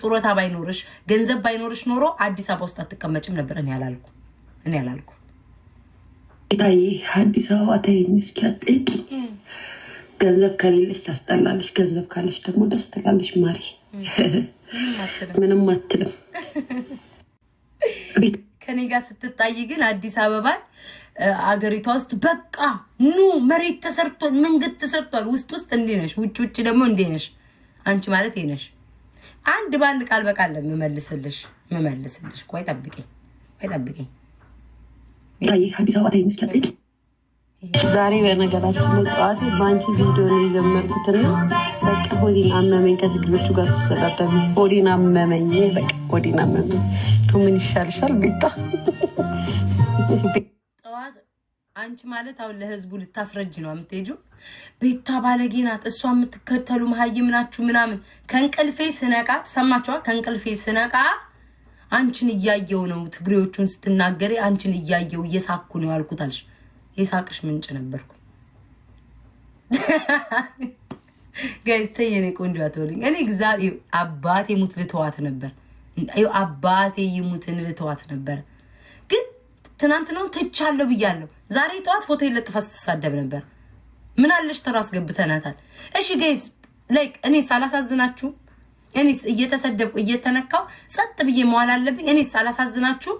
ጡረታ ባይኖርሽ ገንዘብ ባይኖርሽ ኖሮ አዲስ አበባ ውስጥ አትቀመጭም ነበር። እኔ ያላልኩ እኔ ያላልኩ ጌታዬ አዲስ አበባ ተይኝ እስኪ አትጠይቂኝ። ገንዘብ ከሌለች ታስጠላለች፣ ገንዘብ ካለች ደግሞ ደስ ትላለች። ማሪ ምንም አትልም። ከኔ ጋር ስትጣይ ግን አዲስ አበባን አገሪቷ ውስጥ በቃ ኑ መሬት ተሰርቷል፣ መንገድ ተሰርቷል። ውስጥ ውስጥ እንዲህ ነሽ፣ ውጭ ውጭ ደግሞ እንዲህ ነሽ። አንቺ ማለት ይነሽ አንድ በአንድ ቃል በቃል ለምመልስልሽ ምመልስልሽ። ቆይ ጠብቂኝ፣ ቆይ ጠብቂኝ። አዲስ አበባ ታይ እስኪያጠይቅ ዛሬ በነገራችን ላይ ጠዋት በአንቺ ቪዲዮ ነው የጀመርኩትና በቃ ሆዴን አመመኝ። ከትግሎቹ ጋር ስሰዳደብ ሆዴን አመመኝ። በቃ ሆዴን አመመኝ። ምን ይሻልሻል ቤታ አንቺ ማለት አሁን ለህዝቡ ልታስረጅ ነው የምትሄጂው። ቤታ ባለጌ ናት፣ እሷ የምትከተሉ መሀይም ናችሁ ምናምን። ከእንቅልፌ ስነቃ ሰማችኋ። ከእንቅልፌ ስነቃ አንቺን እያየው ነው ትግሬዎቹን ስትናገሪ፣ አንቺን እያየው እየሳኩ ነው ያልኩት አልሽ። የሳቅሽ ምንጭ ነበርኩ። ጋይስ ተይ፣ የኔ ቆንጆ አትበልኝ። እኔ እግዚአብሔር አባቴ ሙት ልተዋት ነበር፣ አባቴ ይሙትን ልተዋት ነበር። ግን ትናንት ነው ትቻለሁ ብያለሁ ዛሬ ጠዋት ፎቶ የለጥፋ ስትሳደብ ነበር። ምን አለሽ ተራ አስገብተናታል። እሺ ገይዝ ላይክ እኔስ ሳላሳዝናችሁ እኔ እየተሰደብኩ እየተነካው ጸጥ ብዬ መዋል አለብኝ? እኔስ ሳላሳዝናችሁ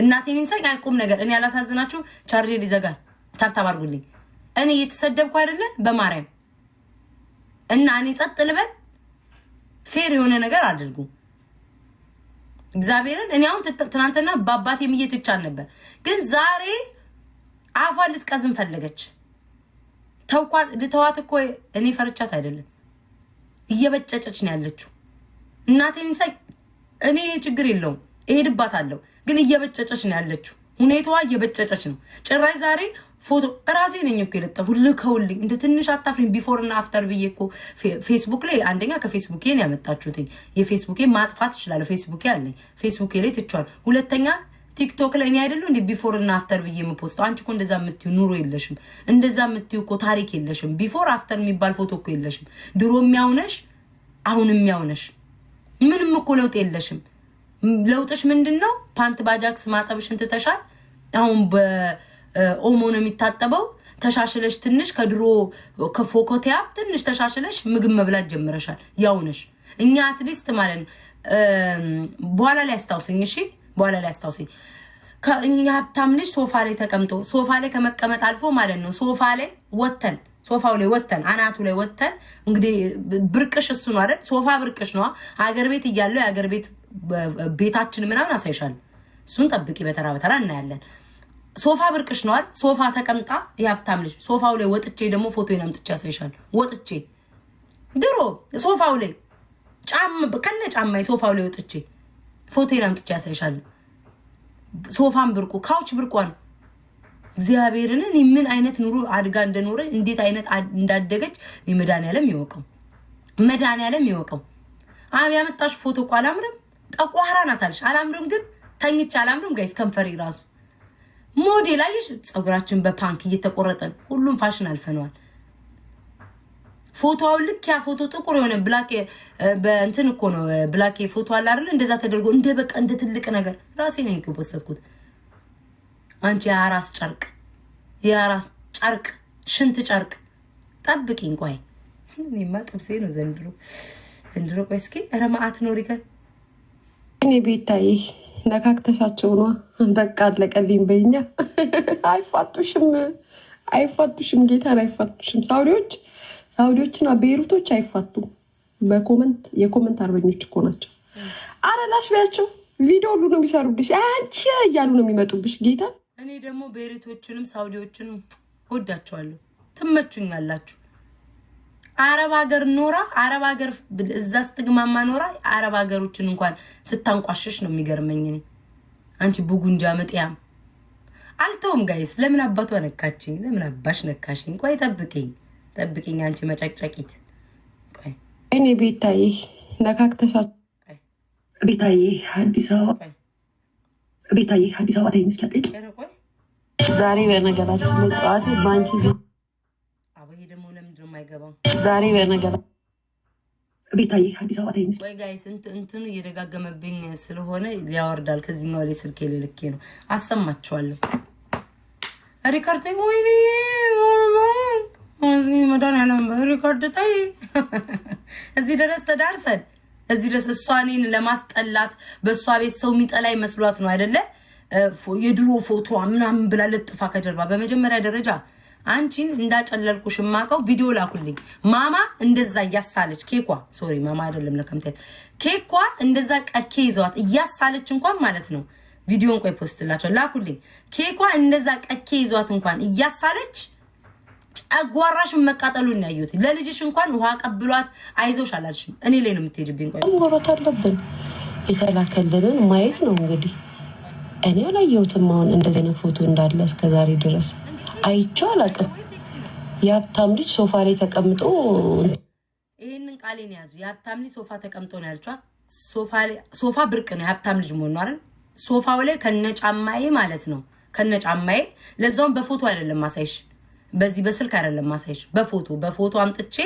እናቴን ንሳይ አይቁም ነገር እኔ አላሳዝናችሁ ቻርጀር ይዘጋል። ታብታብ አድርጉልኝ። እኔ እየተሰደብኩ አይደለ በማርያም እና እኔ ጸጥ ልበል። ፌር የሆነ ነገር አድርጉ። እግዚአብሔርን እኔ አሁን ትናንትና በአባት ምዬ ነበር፣ ግን ዛሬ አፏ ልትቀዝም ፈለገች። ተዋት እኮ እኔ ፈርቻት አይደለም፣ እየበጨጨች ነው ያለችው። እናቴን ሳይ እኔ ችግር የለውም እሄድባታለሁ፣ ግን እየበጨጨች ነው ያለችው። ሁኔታዋ እየበጨጨች ነው። ጭራሽ ዛሬ ፎቶ ራሴ ነኝ እኮ የለጠፉ ልከውልኝ። እንደ ትንሽ ቢፎር ቢፎርና አፍተር ብዬ እኮ ፌስቡክ ላይ አንደኛ ነው ያመጣችሁትኝ የፌስቡኬ ማጥፋት እችላለሁ። ፌስቡኬ አለኝ፣ ፌስቡኬ ላይ ትችዋል። ሁለተኛ ቲክቶክ ላይ እኔ አይደለሁ ቢፎር እና አፍተር ብዬ የምፖስተው። አንቺ እኮ እንደዛ የምትዩ ኑሮ የለሽም፣ እንደዛ የምትዩ እኮ ታሪክ የለሽም። ቢፎር አፍተር የሚባል ፎቶ እኮ የለሽም። ድሮ የሚያውነሽ አሁን የሚያውነሽ ምንም እኮ ለውጥ የለሽም። ለውጥሽ ምንድን ነው? ፓንት ባጃክስ ማጠብሽን ትተሻል። አሁን ኦሞ ነው የሚታጠበው። ተሻሽለሽ ትንሽ ከድሮ ከፎኮቴያ ትንሽ ተሻሽለሽ ምግብ መብላት ጀምረሻል። ያውነሽ እኛ አትሊስት ማለት ነው። በኋላ ላይ አስታውስኝ እሺ፣ በኋላ ላይ አስታውስኝ። እኛ ሀብታም ልጅ ሶፋ ላይ ተቀምጦ ሶፋ ላይ ከመቀመጥ አልፎ ማለት ነው ሶፋ ላይ ወተን ሶፋው ላይ ወተን አናቱ ላይ ወተን እንግዲህ ብርቅሽ እሱ ነው አይደል? ሶፋ ብርቅሽ ነዋ። አገር ቤት እያለው የአገር ቤት ቤታችን ምናምን አሳይሻል። እሱን ጠብቂ፣ በተራ በተራ እናያለን። ሶፋ ብርቅሽ ነዋል። ሶፋ ተቀምጣ የሀብታም ልጅ ሶፋው ላይ ወጥቼ ደግሞ ፎቶ አምጥቼ ያሳይሻል። ወጥቼ ድሮ ሶፋው ላይ ጫም ከነ ጫማ ሶፋው ላይ ወጥቼ ፎቶ አምጥቼ ያሳይሻል። ሶፋን ብርቁ ካውች ብርቋን እግዚአብሔርን እኔ ምን አይነት ኑሮ አድጋ እንደኖረ እንዴት አይነት እንዳደገች መድኃኒዓለም ይወቀው፣ መድኃኒዓለም ይወቀው። አብ ያመጣሽ ፎቶ እኮ አላምርም፣ ጠቋራ ናት አላምርም ግን ተኝቼ አላምርም ጋይስ ከንፈሬ ራሱ ሞዴል አየሽ፣ ፀጉራችን በፓንክ እየተቆረጠን ሁሉም ፋሽን አልፈነዋል። ፎቶውን ልክ ያ ፎቶ ጥቁር የሆነ ብላክ በእንትን እኮ ነው ብላክ ፎቶ አለ አይደል? እንደዛ ተደርጎ እንደ በቃ እንደ ትልቅ ነገር ራሴ ነኝ ከወሰድኩት። አንቺ የአራስ ጨርቅ የአራስ ጨርቅ ሽንት ጨርቅ ጠብቂኝ። ቆይ እኔማ ጥብሴ ነው ዘንድሮ ዘንድሮ። ቆይ እስኪ ኧረ መዓት ኖሪከል እኔ ቤታዬ ነካክተሻቸው ነ በቃ አለቀልኝ በኛ አይፋቱሽም፣ አይፋቱሽም፣ ጌታን አይፋቱሽም። ሳውዲዎች ሳውዲዎችና ቤይሩቶች አይፋቱም። በኮመንት የኮመንት አርበኞች እኮ ናቸው። አረላሽ ቢያቸው ቪዲዮ ሁሉ ነው የሚሰሩብሽ፣ አንቺ እያሉ ነው የሚመጡብሽ። ጌታ እኔ ደግሞ ቤይሩቶችንም ሳውዲዎችንም ወዳቸዋለሁ። ትመቹኛላችሁ። አረብ ሀገር ኖራ አረብ ሀገር እዛ ስትግማማ ኖራ አረብ ሀገሮችን እንኳን ስታንቋሸሽ ነው የሚገርመኝ እኔ አንቺ ቡጉንጃ መጥያም አልተውም። ጋይስ ለምን አባቷ ነካችኝ? ለምን አባሽ ነካሽኝ? ቆይ ጠብቅኝ፣ ጠብቅኝ። አንቺ መጨቅጨቂት እኔ ቤታዬ ነካክተሻ ቤታዬ አዲስ አበባ ቤታዬ አዲስ አበባ ተይኝ እስኪያጠይቅ ዛሬ በነገራችን ላይ ጠዋት በአንቺ ዛሬ በነገራችን ቤታዬ አዲስ አበባ ታይ ወይ ጋይስ እንትኑ እየደጋገመብኝ ስለሆነ ያወርዳል። ከዚህኛው ላይ ስልክ ልልኬ ነው አሰማችኋለሁ። ሪካርድ ወይኔ መዳን ያለ ሪካርድ ታይ። እዚህ ድረስ ተዳርሰን እዚህ ድረስ እሷ እኔን ለማስጠላት በእሷ ቤት ሰው የሚጠላይ መስሏት ነው አይደለ? የድሮ ፎቶዋ ምናምን ብላ ልጥፋ ከጀርባ በመጀመሪያ ደረጃ አንቺን እንዳጨለልኩሽ የማውቀው ቪዲዮ ላኩልኝ። ማማ እንደዛ እያሳለች ኬኳ፣ ሶሪ ማማ አይደለም ለከምታየት ኬኳ፣ እንደዛ ቀኬ ይዘዋት እያሳለች እንኳን ማለት ነው። ቪዲዮን ቆይ ፖስትላቸው ላኩልኝ። ኬኳ እንደዛ ቀኬ ይዟት እንኳን እያሳለች ጨጓራሽን መቃጠሉን ያዩት። ለልጅሽ እንኳን ውሃ ቀብሏት አይዞሽ አላልሽም። እኔ ላይ ነው የምትሄድብኝ። ቆይ ኖሮት አለብን የተላከልንን ማየት ነው እንግዲህ። እኔ አላየሁትም አሁን እንደዚህ አይነት ፎቶ እንዳለ እስከዛሬ ድረስ አይቼው አላውቅም። የሀብታም ልጅ ሶፋ ላይ ተቀምጦ ይህንን ቃሌን ያዙ። የሀብታም ልጅ ሶፋ ተቀምጦ ነው ያልቻ። ሶፋ ብርቅ ነው የሀብታም ልጅ መሆኑ አይደል? ሶፋው ላይ ከነጫማዬ ማለት ነው ከነጫማዬ። ለዛውም በፎቶ አይደለም ማሳይሽ፣ በዚህ በስልክ አይደለም ማሳይሽ፣ በፎቶ በፎቶ አምጥቼ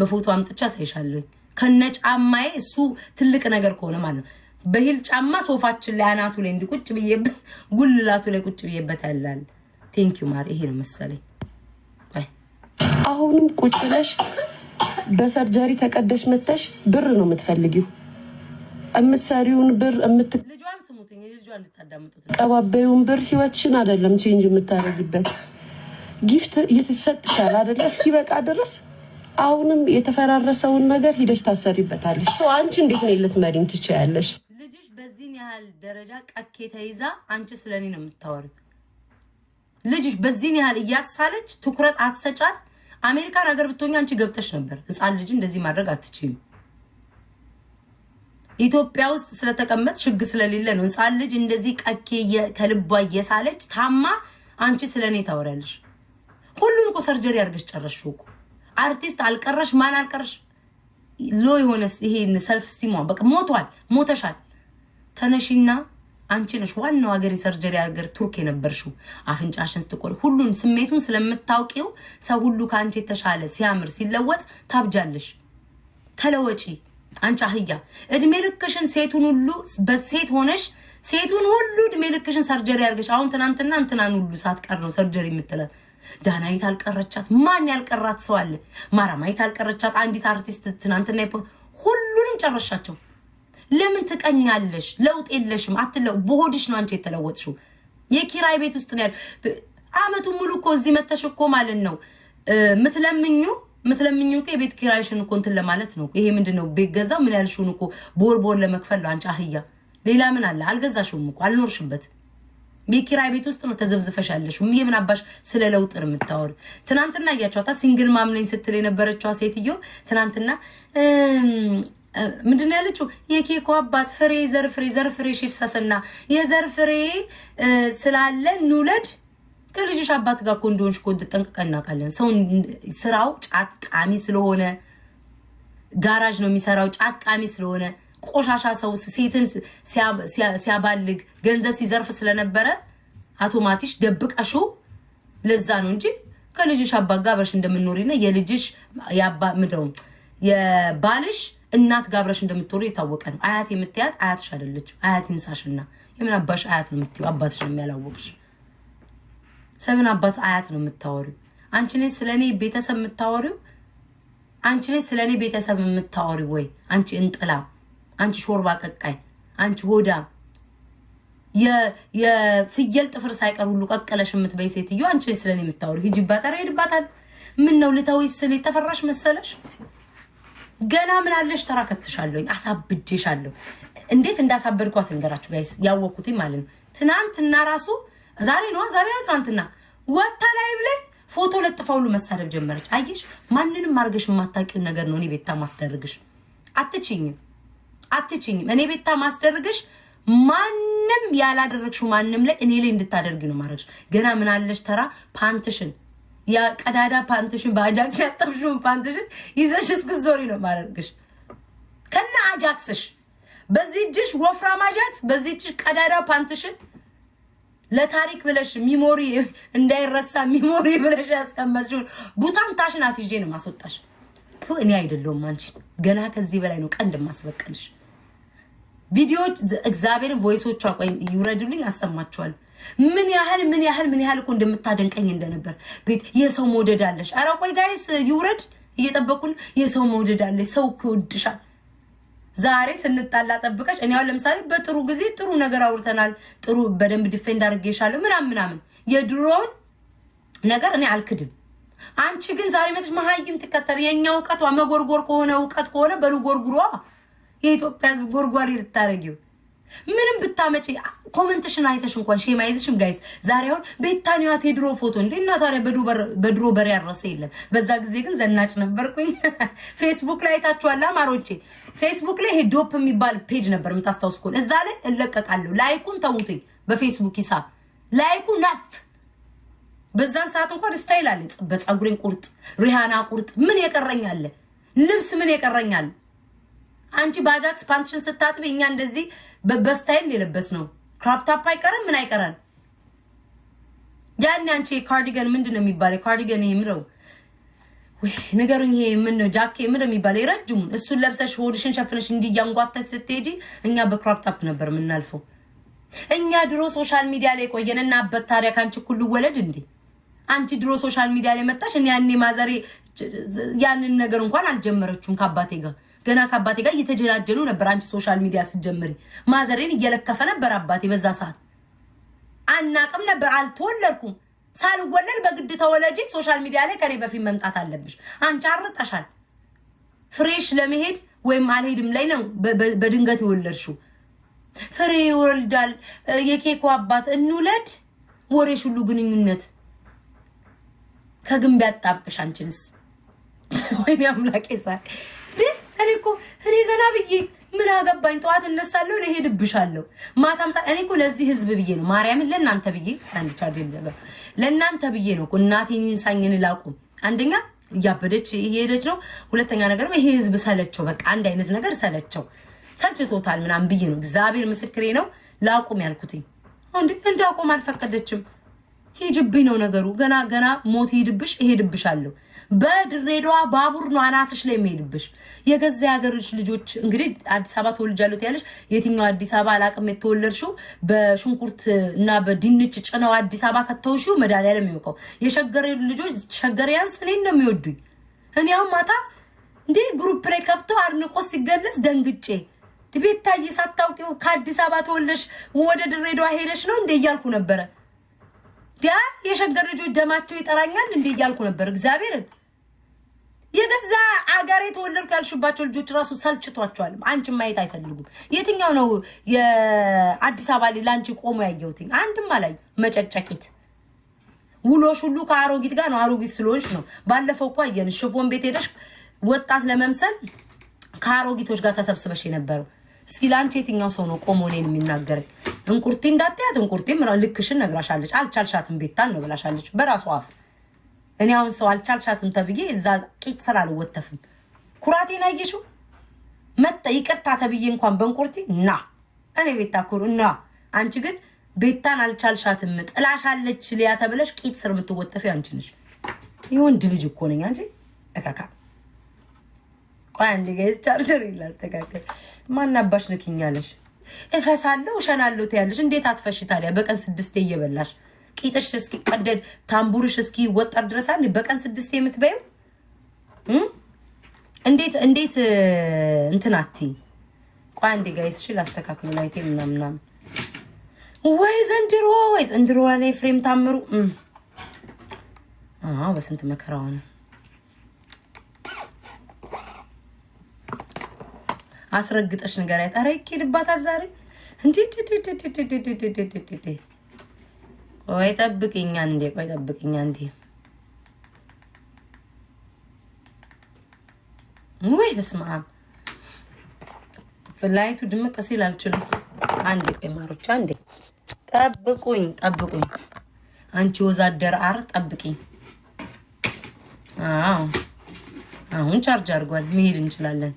በፎቶ አምጥቼ አሳይሻለኝ ከነጫማዬ። እሱ ትልቅ ነገር ከሆነ ማለት ነው በሂል ጫማ ሶፋችን ላይ አናቱ ላይ እንዲቁጭ ብዬበት ጉልላቱ ላይ ቁጭ ብዬበት ያላል ቴንኪዩ ማር። ይሄ ነው መሰለኝ። አሁንም ቁጭ ብለሽ በሰርጀሪ ተቀደሽ መተሽ ብር ነው የምትፈልጊው የምትሰሪውን ብር የምትቀባበዩን ብር ህይወትሽን አይደለም ቼንጅ የምታደርጊበት ጊፍት እየተሰጥሻል አይደለ? እስኪ በቃ ድረስ አሁንም የተፈራረሰውን ነገር ሂደሽ ታሰሪበታለሽ። አንቺ እንዴት ነው ልትመሪኝ ትችያለሽ? ልጅሽ በዚህን ያህል ደረጃ ቀኬ ተይዛ አንቺ ስለኔ ነው የምታወሪው? ልጅሽ በዚህን ያህል እያሳለች ትኩረት አትሰጫት። አሜሪካን ሀገር ብትሆኝ አንቺ ገብተሽ ነበር። ህፃን ልጅ እንደዚህ ማድረግ አትችም ኢትዮጵያ ውስጥ ስለተቀመጥሽ ህግ ስለሌለ ነው። ህፃን ልጅ እንደዚህ ቀኬ ከልቧ እየሳለች ታማ፣ አንቺ ስለ እኔ ታወሪያለሽ። ሁሉን እኮ ሰርጀሪ አድርገሽ ጨረስሽ እኮ። አርቲስት አልቀረሽ ማን አልቀረሽ ሎ የሆነ ይሄን ሰልፍ ስቲሟ በቃ ሞቷል፣ ሞተሻል። ተነሺና አንቺ ነሽ ዋናው ሀገር የሰርጀሪ ሀገር ቱርክ የነበርሽው አፍንጫሽን ስትቆል ሁሉን ስሜቱን ስለምታውቂው ሰው ሁሉ ከአንቺ የተሻለ ሲያምር ሲለወጥ ታብጃለሽ። ተለወጪ አንቺ አህያ እድሜ ልክሽን ሴቱን ሁሉ በሴት ሆነሽ ሴቱን ሁሉ እድሜ ልክሽን ሰርጀሪ አድርገሽ አሁን ትናንትና እንትናን ሁሉ ሳትቀር ነው ሰርጀሪ የምትላት። ዳናይት አልቀረቻት። ማን ያልቀራት ሰው አለ? ማራማይት አልቀረቻት። አንዲት አርቲስት ትናንትና ሁሉንም ጨረሻቸው። ለምን ትቀኛለሽ? ለውጥ የለሽም። አትለው በሆድሽ ነው አንቺ የተለወጥሽው። የኪራይ ቤት ውስጥ ነው ያሉ አመቱን ሙሉ እኮ እዚህ መተሽ እኮ ማለት ነው ምትለምኙ ምትለምኙ እኮ የቤት ኪራይሽን እኮ እንትን ለማለት ነው። ይሄ ምንድን ነው? ቤት ገዛ ምን ያልሽውን እኮ ቦር ቦር ለመክፈል ነው። አንቺ አህያ ሌላ ምን አለ? አልገዛሽውም እኮ አልኖርሽበት። የኪራይ ቤት ውስጥ ነው ተዘብዝፈሽ ያለሽው። የምን አባሽ ስለ ለውጥ ነው የምታወሪ? ትናንትና እያቸዋታ ሲንግል ማምነኝ ስትል የነበረችዋ ሴትዮ ትናንትና ምንድን ያለችው የኬኮ አባት ፍሬ ዘርፍሬ ዘርፍሬሽ ይፍሰስና የዘርፍሬ ስላለ እንውለድ። ከልጅሽ አባት ጋር እኮ እንደሆንሽ እኮ ጠንቅቀን እናውቃለን። ሰው ስራው ጫት ቃሚ ስለሆነ ጋራጅ ነው የሚሰራው። ጫት ቃሚ ስለሆነ ቆሻሻ ሰው ሴትን ሲያባልግ ገንዘብ ሲዘርፍ ስለነበረ አውቶማቲሽ ደብቀሹ ለዛ ነው እንጂ ከልጅሽ አባት ጋር አብረሽ እንደምንኖሪና የልጅሽ ምደው የባልሽ እናት ጋብረሽ እንደምትወሩ የታወቀ ነው። አያት የምትያት አያትሽ አይደለችም። አያት ይንሳሽና የምን አባሽ አያት ነው የምትይው? አባትሽ ነው የሚያላወቅሽ። ሰምን አባት አያት ነው የምታወሪው አንቺ ነሽ። ስለ እኔ ቤተሰብ የምታወሪው አንቺ ነሽ። ስለ እኔ ቤተሰብ የምታወሪው ወይ አንቺ እንጥላ፣ አንቺ ሾርባ ቀቃይ፣ አንቺ ሆዳ የፍየል ጥፍር ሳይቀር ሁሉ ቀቀለሽ የምትበይ ሴትዮ አንቺ ስለኔ ስለ እኔ የምታወሪው ሂጂባት። ሄድባታል። ምን ነው ልተወይ ስል የተፈራሽ መሰለሽ? ገና ምን አለሽ ተራ ከትሻለሁኝ፣ አሳብጄሻለሁ። እንዴት እንዳሳበድኳት እንገራችሁ ጋይስ፣ ያወቅኩትኝ ማለት ነው። ትናንትና ራሱ ዛሬ ነዋ፣ ዛሬ ነው ትናንትና ወታ ላይ ብለ ፎቶ ለጥፋ ሁሉ መሳደብ ጀመረች። አየሽ፣ ማንንም አድርገሽ የማታውቂውን ነገር ነው እኔ ቤታ ማስደርግሽ። አትችኝም፣ አትችኝም። እኔ ቤታ ማስደርግሽ ማንም ያላደረግሽው ማንም ላይ እኔ ላይ እንድታደርጊ ነው ማድረግሽ። ገና ምን አለሽ ተራ ፓንትሽን የቀዳዳ ፓንትሽን በአጃክስ ያጠብሽውን ፓንትሽን ይዘሽ እስክ ዞሪ ነው ማደርግሽ ከነ አጃክስሽ። በዚህ እጅሽ ወፍራም አጃክስ፣ በዚህ እጅሽ ቀዳዳ ፓንትሽን ለታሪክ ብለሽ ሚሞሪ እንዳይረሳ ሚሞሪ ብለሽ ያስቀመጥሽውን ታሽን አስይዤ ነው ማስወጣሽ። እኔ አይደለሁም አንቺ። ገና ከዚህ በላይ ነው ቀንድ ማስበቀልሽ። ቪዲዮዎች እግዚአብሔርን ቮይሶቿ ቆይ ይውረዱልኝ፣ አሰማችኋል ምን ያህል ምን ያህል ምን ያህል እኮ እንደምታደንቀኝ እንደነበር ቤት የሰው መውደድ አለሽ። ኧረ ቆይ ጋይስ ይውረድ እየጠበቁን የሰው መውደድ አለሽ። ሰው እኮ ይወድሻል። ዛሬ ስንጣላ ጠብቀሽ እኔ አሁን ለምሳሌ በጥሩ ጊዜ ጥሩ ነገር አውርተናል። ጥሩ በደንብ ዲፌንድ አድርጌሻለሁ ምናምን ምናምን የድሮውን ነገር እኔ አልክድም። አንቺ ግን ዛሬ መጥሽ መሀይም ትከተል። የእኛ እውቀቷ መጎርጎር ከሆነ እውቀት ከሆነ በሉ ጎርጉሯ። የኢትዮጵያ ሕዝብ ጎርጓሪ ልታረጊው ምንም ብታመጪ ኮመንትሽን አይተሽ እንኳን ሼም አይዝሽም። ጋይስ ዛሬ አሁን ቤታኒዋት የድሮ ፎቶ እንዴ እና ታዲያ በድሮ በሬ ያረሰ የለም። በዛ ጊዜ ግን ዘናጭ ነበርኩኝ። ፌስቡክ ላይ አይታችኋል አማሮቼ፣ ፌስቡክ ላይ ይሄ ዶፕ የሚባል ፔጅ ነበር የምታስታውስ ከሆነ እዛ ላይ እለቀቃለሁ። ላይኩን ተውትኝ። በፌስቡክ ይሳ ላይኩ ናፍ በዛን ሰዓት እንኳን ስታይል አለ። በፀጉሬን ቁርጥ ሪሃና ቁርጥ ምን የቀረኛለ? ልብስ ምን የቀረኛል? አንቺ ባጃክስ ፓንትሽን ስታጥቢ እኛ እንደዚህ በስታይል የለበስ ነው። ክራፕታፕ አይቀርም፣ ምን አይቀራል። ያን አንቺ ካርዲገን ምንድን ነው የሚባለው? ካርዲገን ይሄ ምንድነው? ወይ ነገሩኝ። ይሄ ምን ነው ጃኬ ምን ነው የሚባለው? ረጅሙን እሱን ለብሰሽ ሆድሽን ሸፍነሽ እንዲያንጓተሽ ስትሄጂ፣ እኛ በክራፕታፕ ነበር የምናልፈው። እኛ ድሮ ሶሻል ሚዲያ ላይ ቆየን እና አበት ታዲያ ከአንቺ ሁሉ ወለድ እንዴ አንቺ ድሮ ሶሻል ሚዲያ ላይ መጣሽ። እኔ ያኔ ማዘሬ ያንን ነገር እንኳን አልጀመረችውም ከአባቴ ጋር ገና ከአባቴ ጋር እየተጀዳጀሉ ነበር። አንቺ ሶሻል ሚዲያ ስትጀምሪ ማዘሬን እየለከፈ ነበር አባቴ። በዛ ሰዓት አናቅም ነበር፣ አልተወለድኩም። ሳልወለድ በግድ ተወለጂ፣ ሶሻል ሚዲያ ላይ ከኔ በፊት መምጣት አለብሽ። አንቺ አርጠሻል። ፍሬሽ ለመሄድ ወይም አልሄድም ላይ ነው በድንገት የወለድሽው። ፍሬ ይወልዳል የኬኮ አባት እንውለድ። ወሬሽ ሁሉ ግንኙነት ከግንብ ያጣብቅሽ። አንቺንስ ወይኔ አምላኬ እኔ እኮ እኔ ዘና ብዬ ምን አገባኝ፣ ጠዋት እነሳለሁ፣ እሄድብሻለሁ፣ ማታምታ እኔ እኮ ለዚህ ህዝብ ብዬ ነው ማርያምን፣ ለእናንተ ብዬ አንድ ቻርጅ ዘገ ለእናንተ ብዬ ነው እናቴን ይንሳኝን ላቁም። አንደኛ እያበደች ሄደች ነው፣ ሁለተኛ ነገር ይሄ ህዝብ ሰለቸው፣ በቃ አንድ አይነት ነገር ሰለቸው፣ ሰልችቶታል ምናምን ብዬ ነው። እግዚአብሔር ምስክሬ ነው ላቁም ያልኩትኝ። እንዲ እንዳቁም አልፈቀደችም። ሂጅብኝ ነው ነገሩ። ገና ገና ሞት ይሄድብሽ እሄድብሻለሁ። በድሬዳዋ ባቡር ነው አናትሽ ላይ የሚሄድብሽ። የገዛ ሀገርሽ ልጆች እንግዲህ አዲስ አበባ ተወልጃለሁ ያለሽ የትኛው አዲስ አበባ አላቅም። የተወለድሽው በሽንኩርት እና በድንች ጭነው አዲስ አበባ ከተውሽው መድኃኒዓለም የሚወቀው የሸገሬ ልጆች ሸገሬ ያንስ እኔ እንደሚወዱኝ እኔ አሁን ማታ እንዲህ ግሩፕ ላይ ከፍቶ አድንቆ ሲገለጽ ደንግጬ ቤት ቤታዬ ሳታውቂው ከአዲስ አበባ ተወለሽ ወደ ድሬዳዋ ሄደሽ ነው እንደ እያልኩ ነበረ። ዲያ የሸገር ልጆች ደማቸው ይጠራኛል እንዴ እያልኩ ነበር። እግዚአብሔርን የገዛ አገር ተወለድኩ ያልሽባቸው ልጆች ራሱ ሰልችቷቸዋል። አንቺን ማየት አይፈልጉም። የትኛው ነው የአዲስ አበባ ላይ ለአንቺ ቆሞ ያየሁትኝ? አንድም አላይ መጨጨቂት ውሎሽ ሁሉ ከአሮጊት ጋር ነው። አሮጊት ስለሆንሽ ነው። ባለፈው እኮ አየንሽ፣ ሽፎን ቤት ሄደሽ ወጣት ለመምሰል ከአሮጊቶች ጋር ተሰብስበሽ የነበረው እስኪ ለአንቺ የትኛው ሰው ነው ቆሞ እኔን የሚናገር? እንቁርቲ እንዳትያት እንቁርቲም ልክሽን ነግራሻለች። አልቻልሻትም ቤታን ነው ብላሻለች በራሱ አፍ። እኔ አሁን ሰው አልቻልሻትም ተብዬ እዛ ቂጥ ስራ አልወተፍም። ኩራቴን አየሽው መጠ ይቅርታ ተብዬ እንኳን በእንቁርቲ ና እኔ ቤታ ኩሩ ና አንቺ ግን ቤታን አልቻልሻትም ጥላሻለች ሊያ ተብለሽ ቂጥ ስር የምትወጠፊ አንቺ ነሽ። የወንድ ልጅ እኮ ነኝ አንቺ እካካ ቆይ አንዴ ጋይስ፣ ቻርጀር ላስተካከል። ማናባሽ ልክኛለሽ። እፈሳለሁ እሸናለሁ ትያለሽ። እንዴት አትፈሽ ታዲያ? በቀን ስድስቴ እየበላሽ ቂጥሽ እስኪ ቀደድ ታምቡርሽ እስኪ ወጠር ድረሳል። በቀን ስድስቴ የምትበይው እንዴት እንዴት እንትን አትይ። ቆይ አንዴ ጋይስ፣ እሺ ላስተካክሉ። ላይቴ ምናምናም ወይ ዘንድሮ ወይ ዘንድሮ ላይ ፍሬም ታምሩ። አዎ በስንት መከራው ነው አስረግጠሽ ነገር አይጠራ ይኬድባታል። ዛሬ እንዴ ቆይ ጠብቅኛ እንዴ ቆይ ጠብቅኛ እንዴ ወይ በስመ አብ ፍላይቱ ድምቅ ሲል አልችልም። አንዴ ቆይ ማሮች አንዴ ጠብቁኝ ጠብቁኝ። አንቺ ወዛደር አር ጠብቂኝ። አዎ አሁን ቻርጅ አድርጓል። መሄድ እንችላለን።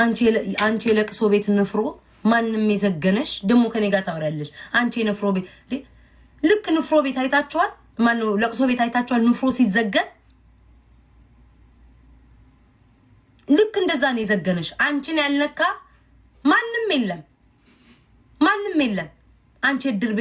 አንቺ የለቅሶ ቤት ንፍሮ ማንም የዘገነሽ ደግሞ ከኔ ጋር ታወሪያለሽ። አንቺ የንፍሮ ቤት ልክ ንፍሮ ቤት አይታችኋል? ማነው ለቅሶ ቤት አይታችኋል? ንፍሮ ሲዘገን ልክ እንደዛ ነው የዘገነሽ። አንቺን ያልነካ ማንም የለም፣ ማንም የለም። አንቺ እድር ቤት